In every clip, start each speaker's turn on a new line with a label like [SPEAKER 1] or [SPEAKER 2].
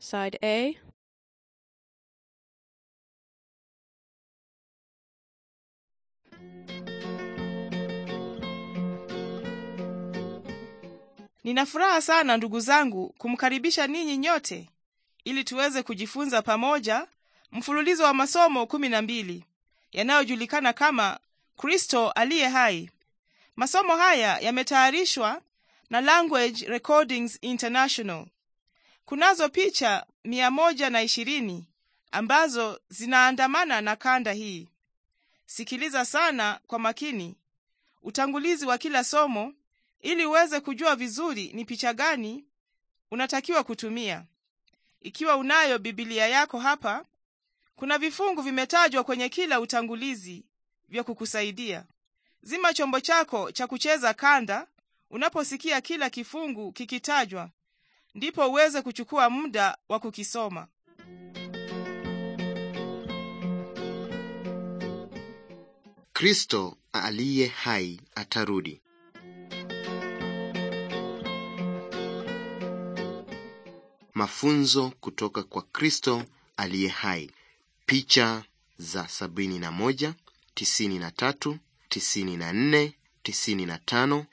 [SPEAKER 1] side A Nina furaha sana ndugu zangu kumkaribisha ninyi nyote ili tuweze kujifunza pamoja mfululizo wa masomo kumi na mbili yanayojulikana kama Kristo aliye hai. Masomo haya yametayarishwa na Language Recordings International. Kunazo picha mia moja na ishirini ambazo zinaandamana na kanda hii. Sikiliza sana kwa makini utangulizi wa kila somo ili uweze kujua vizuri ni picha gani unatakiwa kutumia. Ikiwa unayo bibilia yako hapa, kuna vifungu vimetajwa kwenye kila utangulizi vya kukusaidia. Zima chombo chako cha kucheza kanda unaposikia kila kifungu kikitajwa ndipo uweze kuchukua muda wa kukisoma.
[SPEAKER 2] Kristo aliye hai atarudi. Mafunzo kutoka kwa Kristo aliye hai. Picha za 71, 93, 94, 95,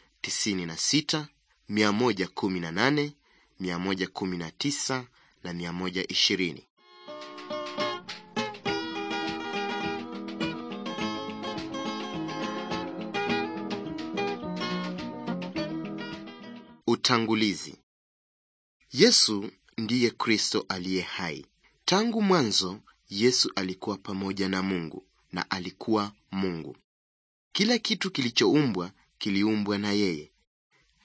[SPEAKER 2] 96, nane 119 na 120. Utangulizi. Yesu ndiye Kristo aliye hai. Tangu mwanzo Yesu alikuwa pamoja na Mungu na alikuwa Mungu. Kila kitu kilichoumbwa kiliumbwa na yeye.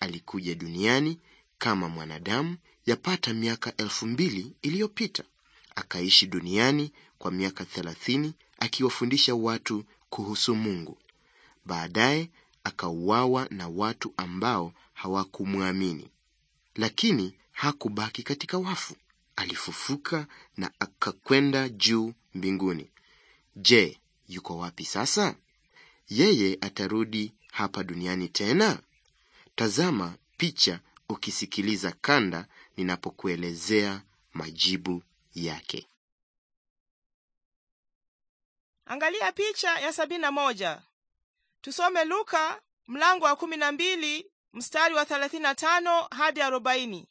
[SPEAKER 2] Alikuja duniani kama mwanadamu yapata miaka elfu mbili iliyopita. Akaishi duniani kwa miaka thelathini akiwafundisha watu kuhusu Mungu. Baadaye akauawa na watu ambao hawakumwamini, lakini hakubaki katika wafu. Alifufuka na akakwenda juu mbinguni. Je, yuko wapi sasa? Yeye atarudi hapa duniani tena? Tazama picha ukisikiliza kanda ninapokuelezea majibu yake.
[SPEAKER 1] Angalia picha ya sabini na moja. Tusome Luka mlango wa kumi na mbili mstari wa thelathini na tano hadi arobaini.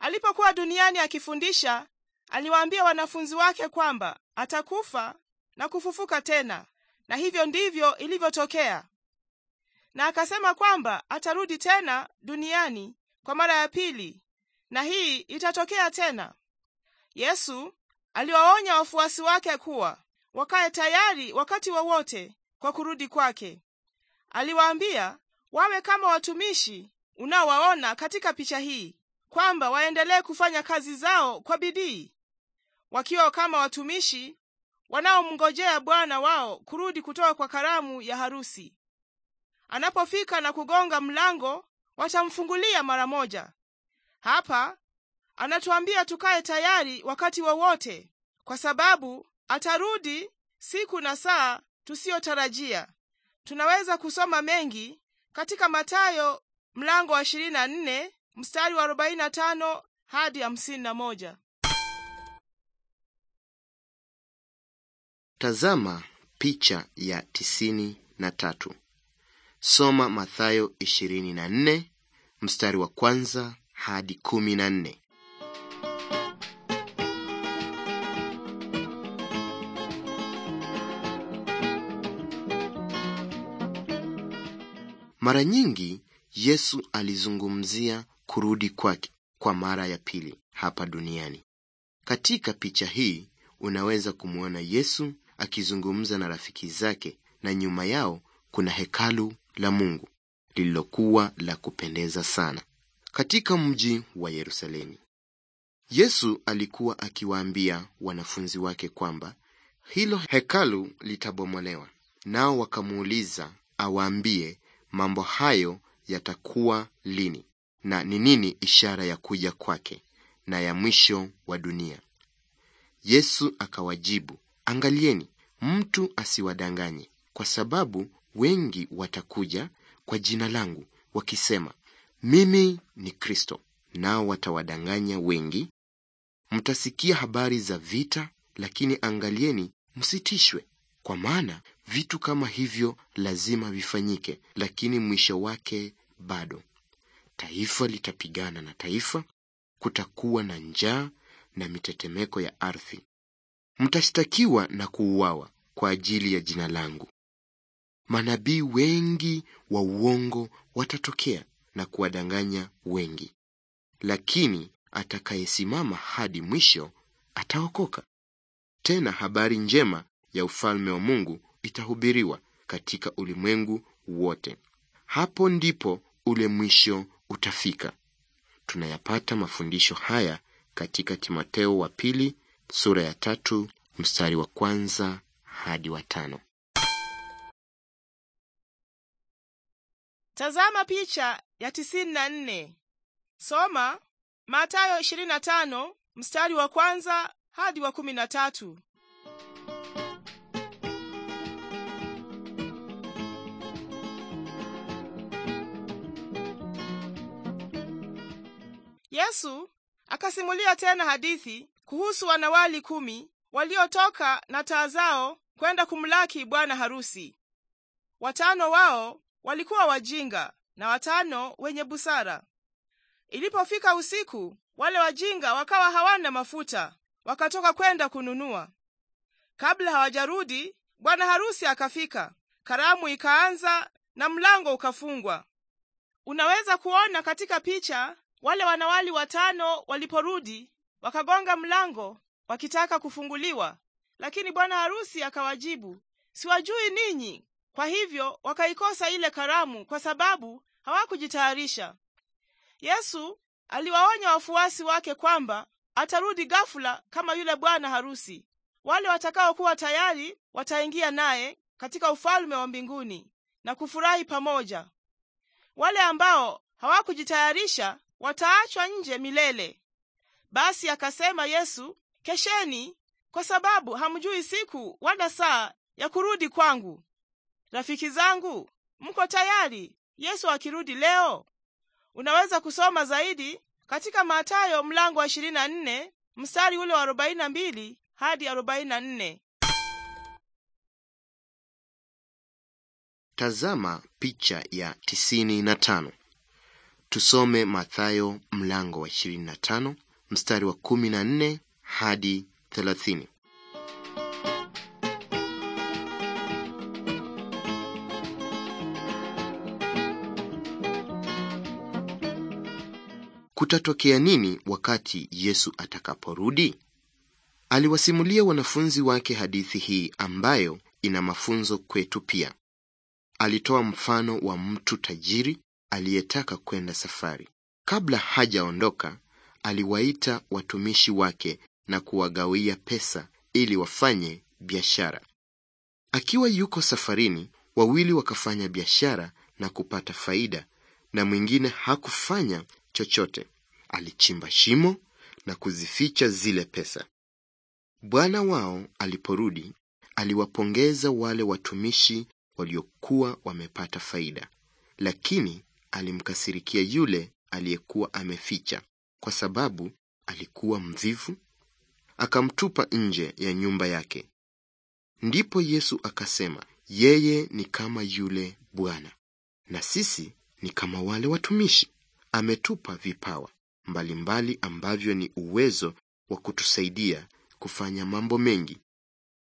[SPEAKER 1] Alipokuwa duniani akifundisha, Aliwaambia wanafunzi wake kwamba atakufa na kufufuka tena, na hivyo ndivyo ilivyotokea. Na akasema kwamba atarudi tena duniani kwa mara ya pili, na hii itatokea tena. Yesu aliwaonya wafuasi wake kuwa wakaye tayari wakati wowote kwa kurudi kwake. Aliwaambia wawe kama watumishi unaowaona katika picha hii, kwamba waendelee kufanya kazi zao kwa bidii wakiwa kama watumishi wanaomngojea bwana wao kurudi kutoka kwa karamu ya harusi. Anapofika na kugonga mlango, watamfungulia mara moja. Hapa anatuambia tukae tayari wakati wowote wa kwa sababu atarudi siku na saa tusiyotarajia. Tunaweza kusoma mengi katika Mathayo mlango wa 24 mstari wa 45 hadi 51.
[SPEAKER 2] Tazama picha ya tisini na tatu. Soma Mathayo nne mstari wa kwanza hadi kumi na nne. Mara nyingi Yesu alizungumzia kurudi kwake kwa mara ya pili hapa duniani. Katika picha hii unaweza kumwona Yesu akizungumza na rafiki zake, na nyuma yao kuna hekalu la Mungu lililokuwa la kupendeza sana katika mji wa Yerusalemu. Yesu alikuwa akiwaambia wanafunzi wake kwamba hilo hekalu litabomolewa, nao wakamuuliza awaambie mambo hayo yatakuwa lini na ni nini ishara ya kuja kwake na ya mwisho wa dunia. Yesu akawajibu, Angalieni mtu asiwadanganye, kwa sababu wengi watakuja kwa jina langu wakisema, mimi ni Kristo, nao watawadanganya wengi. Mtasikia habari za vita, lakini angalieni msitishwe, kwa maana vitu kama hivyo lazima vifanyike, lakini mwisho wake bado. Taifa litapigana na taifa, kutakuwa na njaa na mitetemeko ya ardhi mtashtakiwa na kuuawa kwa ajili ya jina langu. Manabii wengi wa uongo watatokea na kuwadanganya wengi, lakini atakayesimama hadi mwisho ataokoka. Tena habari njema ya ufalme wa Mungu itahubiriwa katika ulimwengu wote, hapo ndipo ule mwisho utafika. Tunayapata mafundisho haya katika Timotheo wa pili sura ya tatu mstari wa kwanza hadi wa tano.
[SPEAKER 1] Tazama picha ya tisini na nne. Soma Mathayo 25 mstari wa kwanza hadi wa kumi na tatu. Yesu akasimulia tena hadithi kuhusu wanawali kumi waliotoka na taa zao kwenda kumlaki bwana harusi. Watano wao walikuwa wajinga na watano wenye busara. Ilipofika usiku, wale wajinga wakawa hawana mafuta, wakatoka kwenda kununua. Kabla hawajarudi, bwana harusi akafika, karamu ikaanza na mlango ukafungwa. Unaweza kuona katika picha wale wanawali watano waliporudi Wakagonga mlango wakitaka kufunguliwa, lakini bwana harusi akawajibu, siwajui ninyi. Kwa hivyo wakaikosa ile karamu kwa sababu hawakujitayarisha. Yesu aliwaonya wafuasi wake kwamba atarudi ghafula kama yule bwana harusi. Wale watakaokuwa tayari wataingia naye katika ufalme wa mbinguni na kufurahi pamoja. Wale ambao hawakujitayarisha wataachwa nje milele. Basi akasema Yesu, kesheni, kwa sababu hamjui siku wala saa ya kurudi kwangu. Rafiki zangu, mko tayari Yesu akirudi leo? Unaweza kusoma zaidi katika Mathayo mlango wa 24 mstari ule wa 42 hadi 44.
[SPEAKER 2] Tazama picha ya 95. Tusome Mathayo mlango wa 25 mstari wa 14 hadi 30. Kutatokea nini wakati Yesu atakaporudi? Aliwasimulia wanafunzi wake hadithi hii ambayo ina mafunzo kwetu pia. Alitoa mfano wa mtu tajiri aliyetaka kwenda safari. Kabla hajaondoka, aliwaita watumishi wake na kuwagawia pesa ili wafanye biashara. Akiwa yuko safarini, wawili wakafanya biashara na kupata faida, na mwingine hakufanya chochote. Alichimba shimo na kuzificha zile pesa. Bwana wao aliporudi, aliwapongeza wale watumishi waliokuwa wamepata faida, lakini alimkasirikia yule aliyekuwa ameficha kwa sababu alikuwa mvivu, akamtupa nje ya nyumba yake. Ndipo Yesu akasema, yeye ni kama yule bwana, na sisi ni kama wale watumishi. Ametupa vipawa mbalimbali mbali ambavyo ni uwezo wa kutusaidia kufanya mambo mengi.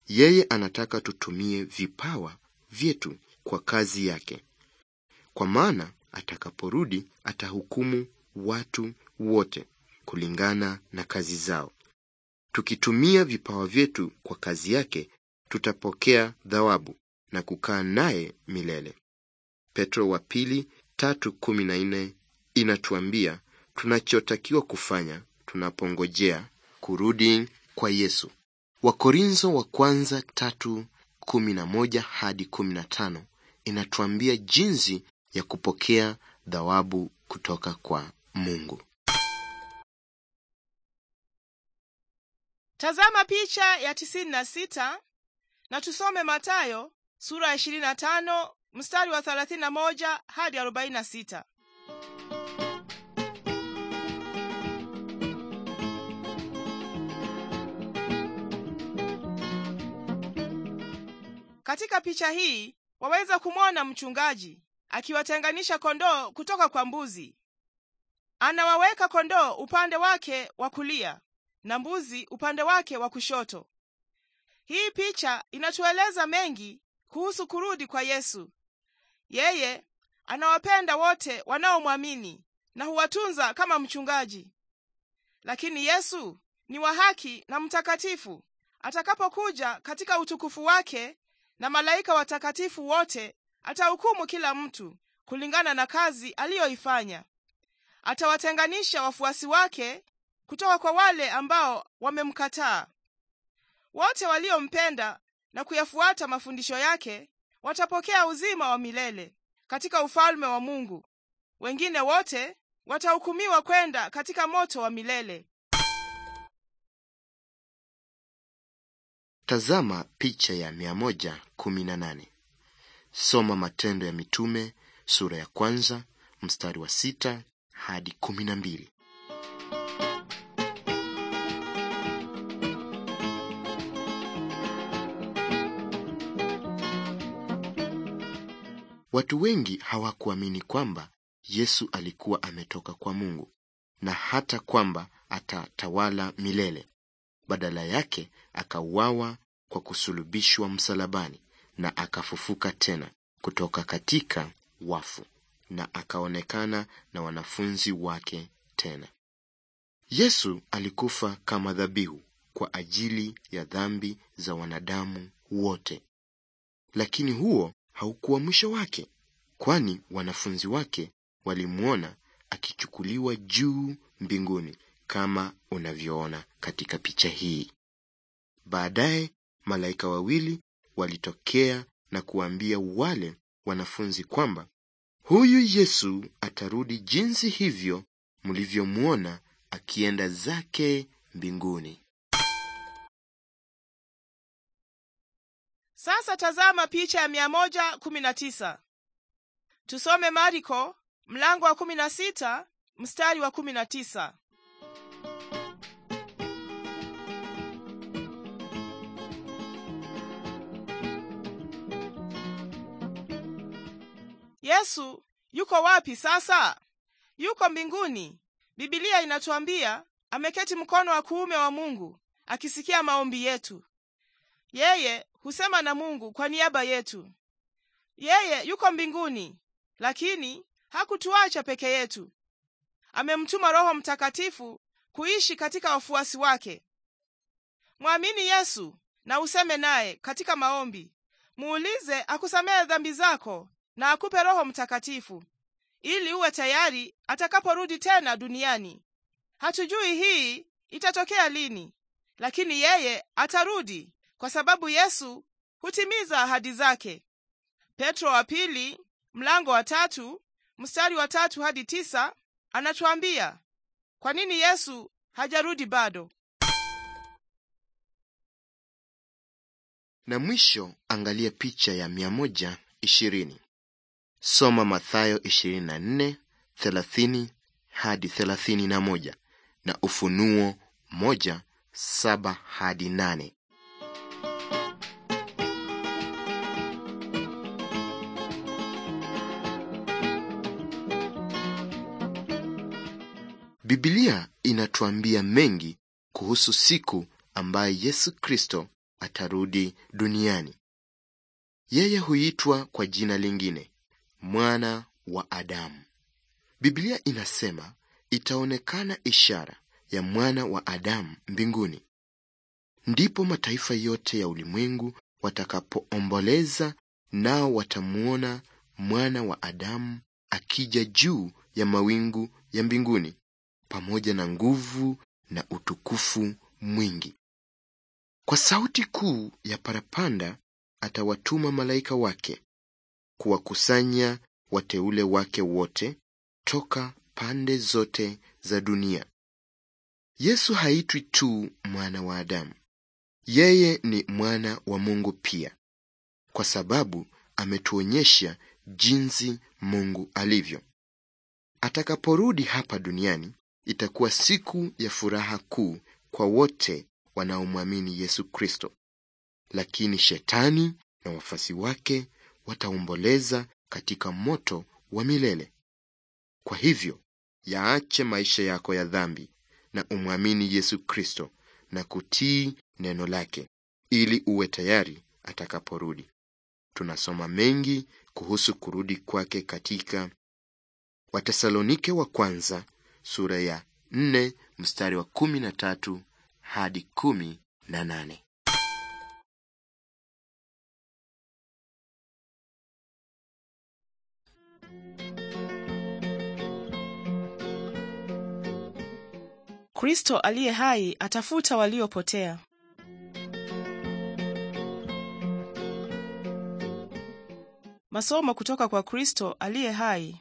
[SPEAKER 2] Yeye anataka tutumie vipawa vyetu kwa kazi yake, kwa maana atakaporudi atahukumu watu wote kulingana na kazi zao. Tukitumia vipawa vyetu kwa kazi yake, tutapokea thawabu na kukaa naye milele. Petro wa pili tatu kumi na nne inatuambia tunachotakiwa kufanya tunapongojea kurudi kwa Yesu. Wakorinzo wa kwanza tatu kumi na moja hadi kumi na tano inatuambia jinsi ya kupokea thawabu kutoka kwa Mungu.
[SPEAKER 1] Tazama picha ya tisini na sita na tusome matayo sura ya 25 mstari wa 31 hadi 46. Katika picha hii waweza kumwona mchungaji akiwatenganisha kondoo kutoka kwa mbuzi. Anawaweka kondoo upande wake wa kulia na mbuzi upande wake wa kushoto. Hii picha inatueleza mengi kuhusu kurudi kwa Yesu. Yeye anawapenda wote wanaomwamini na huwatunza kama mchungaji. Lakini Yesu ni wa haki na mtakatifu atakapokuja katika utukufu wake na malaika watakatifu wote, atahukumu kila mtu kulingana na kazi aliyoifanya. Atawatenganisha wafuasi wake kutoka kwa wale ambao wamemkataa. Wote waliompenda na kuyafuata mafundisho yake watapokea uzima wa milele katika ufalme wa Mungu. Wengine wote watahukumiwa kwenda katika moto wa milele.
[SPEAKER 2] Tazama picha ya 118. Soma Matendo ya Mitume sura ya kwanza mstari wa sita hadi kumi na mbili. Watu wengi hawakuamini kwamba Yesu alikuwa ametoka kwa Mungu na hata kwamba atatawala milele. Badala yake akauawa kwa kusulubishwa msalabani na akafufuka tena kutoka katika wafu na akaonekana na wanafunzi wake tena. Yesu alikufa kama dhabihu kwa ajili ya dhambi za wanadamu wote. Lakini huo haukuwa mwisho wake, kwani wanafunzi wake walimwona akichukuliwa juu mbinguni kama unavyoona katika picha hii. Baadaye malaika wawili walitokea na kuwaambia wale wanafunzi kwamba huyu Yesu atarudi jinsi hivyo mlivyomwona akienda zake mbinguni.
[SPEAKER 1] Sasa tazama picha ya 119. Tusome mariko mlango wa 16 mstari wa 19. Yesu yuko wapi sasa? Yuko mbinguni. Biblia inatuambia ameketi mkono wa kuume wa Mungu akisikia maombi yetu. Yeye husema na Mungu kwa niaba yetu. Yeye yuko mbinguni, lakini hakutuacha peke yetu. Amemtuma Roho Mtakatifu kuishi katika wafuasi wake. Mwamini Yesu na useme naye katika maombi. Muulize akusamehe dhambi zako na akupe Roho Mtakatifu ili uwe tayari atakaporudi tena duniani. Hatujui hii itatokea lini, lakini yeye atarudi kwa sababu Yesu hutimiza ahadi zake. Petro wa pili mlango wa tatu mstari wa tatu hadi tisa anatuambia kwa nini Yesu hajarudi bado.
[SPEAKER 2] Na mwisho, angalia picha ya 120. Soma Mathayo 24 30 hadi 31 na Ufunuo 1 7 hadi 8. Biblia inatuambia mengi kuhusu siku ambaye Yesu Kristo atarudi duniani. Yeye huitwa kwa jina lingine mwana wa Adamu. Biblia inasema itaonekana ishara ya mwana wa Adamu mbinguni, ndipo mataifa yote ya ulimwengu watakapoomboleza, nao watamwona mwana wa Adamu akija juu ya mawingu ya mbinguni pamoja na nguvu na utukufu mwingi. Kwa sauti kuu ya parapanda atawatuma malaika wake kuwakusanya wateule wake wote toka pande zote za dunia. Yesu haitwi tu mwana wa Adamu, yeye ni mwana wa Mungu pia, kwa sababu ametuonyesha jinsi Mungu alivyo. Atakaporudi hapa duniani, itakuwa siku ya furaha kuu kwa wote wanaomwamini Yesu Kristo, lakini shetani na wafasi wake wataomboleza katika moto wa milele. Kwa hivyo yaache maisha yako ya dhambi na umwamini Yesu Kristo na kutii neno lake ili uwe tayari atakaporudi. Tunasoma mengi kuhusu kurudi kwake katika Watesalonike wa kwanza sura ya nne mstari wa kumi na tatu hadi kumi na nane.
[SPEAKER 1] Kristo aliye hai atafuta waliopotea. Masomo kutoka kwa Kristo aliye hai.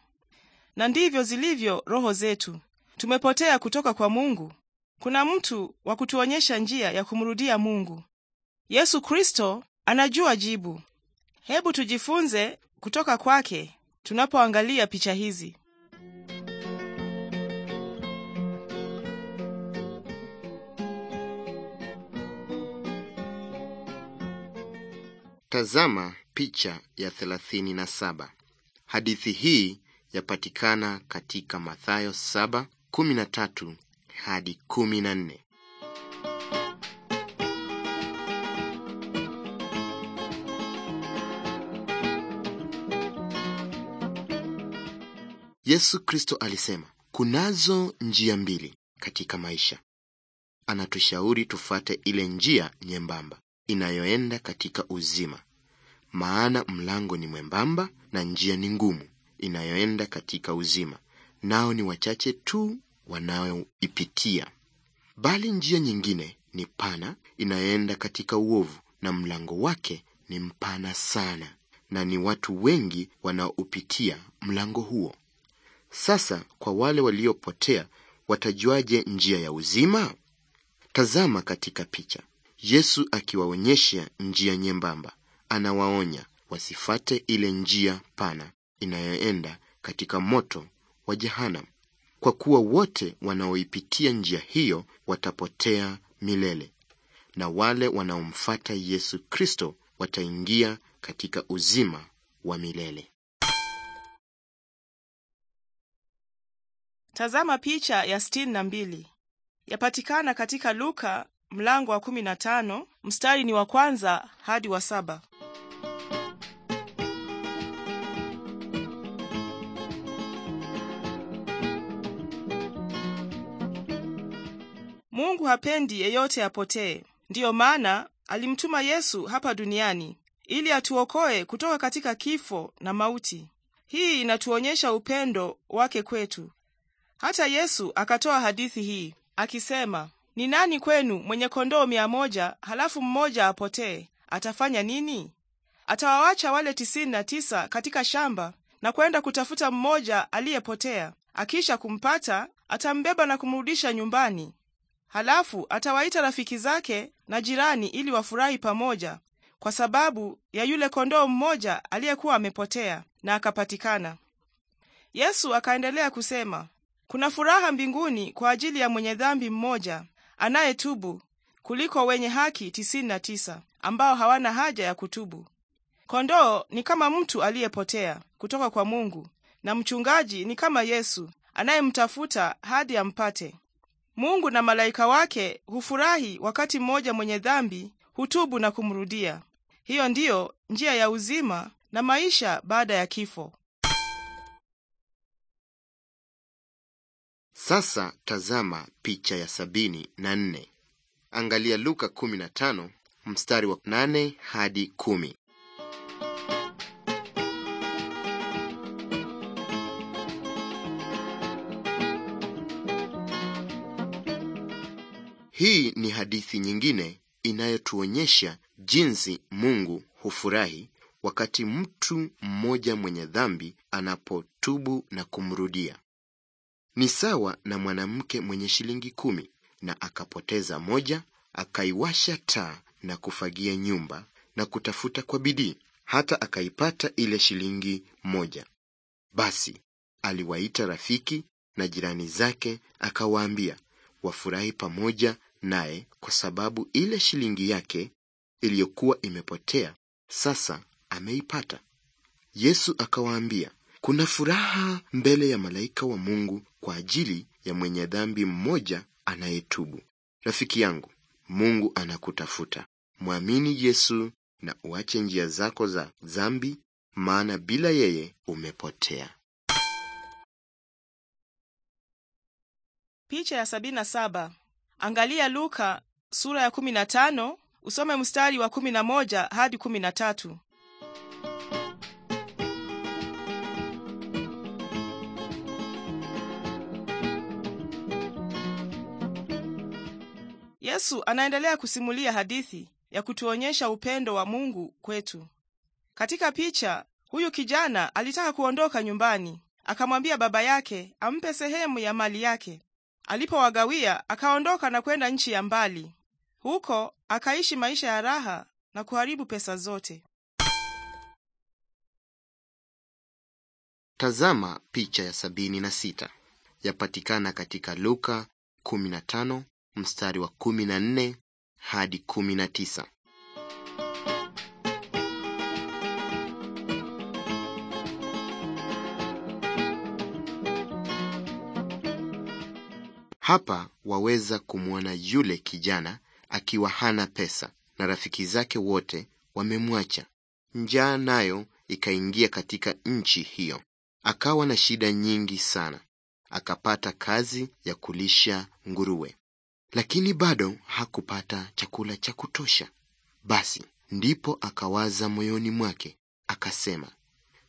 [SPEAKER 1] na ndivyo zilivyo roho zetu. Tumepotea kutoka kwa Mungu. Kuna mtu wa kutuonyesha njia ya kumrudia Mungu. Yesu Kristo anajua jibu. Hebu tujifunze kutoka kwake tunapoangalia picha hizi.
[SPEAKER 2] Tazama picha ya 37. Hadithi hii yapatikana katika Mathayo 7:13 hadi 14. Yesu Kristo alisema kunazo njia mbili katika maisha. Anatushauri tufate ile njia nyembamba inayoenda katika uzima, maana mlango ni mwembamba na njia ni ngumu inayoenda katika uzima, nao ni wachache tu wanaoipitia. Bali njia nyingine ni pana inayoenda katika uovu, na mlango wake ni mpana sana, na ni watu wengi wanaoupitia mlango huo. Sasa kwa wale waliopotea, watajuaje njia ya uzima? Tazama katika picha, Yesu akiwaonyesha njia nyembamba, anawaonya wasifate ile njia pana inayoenda katika moto wa jehanam kwa kuwa wote wanaoipitia njia hiyo watapotea milele, na wale wanaomfata Yesu Kristo wataingia katika uzima wa milele.
[SPEAKER 1] Tazama picha ya sitini na mbili. Yapatikana katika Luka mlango wa 15 mstari ni wa kwanza hadi wa saba. Mungu hapendi yeyote apotee. Ndiyo maana alimtuma Yesu hapa duniani ili atuokoe kutoka katika kifo na mauti. Hii inatuonyesha upendo wake kwetu. Hata Yesu akatoa hadithi hii akisema, ni nani kwenu mwenye kondoo mia moja halafu mmoja apotee? Atafanya nini? Atawawacha wale tisini na tisa katika shamba na kwenda kutafuta mmoja aliyepotea. Akisha kumpata, atambeba na kumrudisha nyumbani. Halafu atawaita rafiki zake na jirani ili wafurahi pamoja kwa sababu ya yule kondoo mmoja aliyekuwa amepotea na akapatikana. Yesu akaendelea kusema, kuna furaha mbinguni kwa ajili ya mwenye dhambi mmoja anayetubu kuliko wenye haki tisini na tisa ambao hawana haja ya kutubu. Kondoo ni kama mtu aliyepotea kutoka kwa Mungu, na mchungaji ni kama Yesu anayemtafuta hadi ampate. Mungu na malaika wake hufurahi wakati mmoja mwenye dhambi hutubu na kumrudia. Hiyo ndiyo njia ya uzima na maisha baada ya kifo.
[SPEAKER 2] Sasa tazama picha ya sabini na nne. Angalia Luka kumi na tano mstari wa nane hadi kumi. Hii ni hadithi nyingine inayotuonyesha jinsi Mungu hufurahi wakati mtu mmoja mwenye dhambi anapotubu na kumrudia. Ni sawa na mwanamke mwenye shilingi kumi na akapoteza moja, akaiwasha taa na kufagia nyumba na kutafuta kwa bidii hata akaipata ile shilingi moja. Basi aliwaita rafiki na jirani zake, akawaambia wafurahi pamoja naye kwa sababu ile shilingi yake iliyokuwa imepotea sasa ameipata. Yesu akawaambia, kuna furaha mbele ya malaika wa Mungu kwa ajili ya mwenye dhambi mmoja anayetubu. Rafiki yangu, Mungu anakutafuta. Mwamini Yesu na uache njia zako za dhambi, maana bila yeye umepotea.
[SPEAKER 1] Picha ya sabini na saba. Angalia Luka sura ya 15 usome mstari wa 11 hadi 13. Yesu anaendelea kusimulia hadithi ya kutuonyesha upendo wa Mungu kwetu. Katika picha, huyu kijana alitaka kuondoka nyumbani, akamwambia baba yake ampe sehemu ya mali yake alipowagawia akaondoka na kwenda nchi ya mbali. Huko akaishi maisha ya raha na kuharibu pesa zote.
[SPEAKER 2] Tazama picha ya sabini na sita. Yapatikana katika Luka 15 mstari wa 14 hadi 19. Hapa waweza kumwona yule kijana akiwa hana pesa na rafiki zake wote wamemwacha. Njaa nayo ikaingia katika nchi hiyo, akawa na shida nyingi sana. Akapata kazi ya kulisha nguruwe, lakini bado hakupata chakula cha kutosha. Basi ndipo akawaza moyoni mwake, akasema,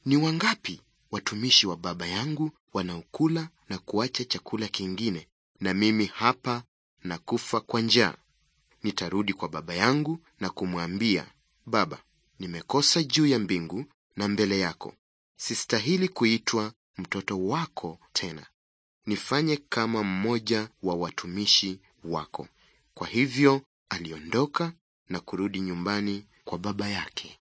[SPEAKER 2] ni wangapi watumishi wa baba yangu wanaokula na kuacha chakula kingine na mimi hapa na kufa kwa njaa. Nitarudi kwa baba yangu na kumwambia, Baba, nimekosa juu ya mbingu na mbele yako, sistahili kuitwa mtoto wako tena. Nifanye kama mmoja wa watumishi wako. Kwa hivyo aliondoka na kurudi nyumbani kwa baba yake.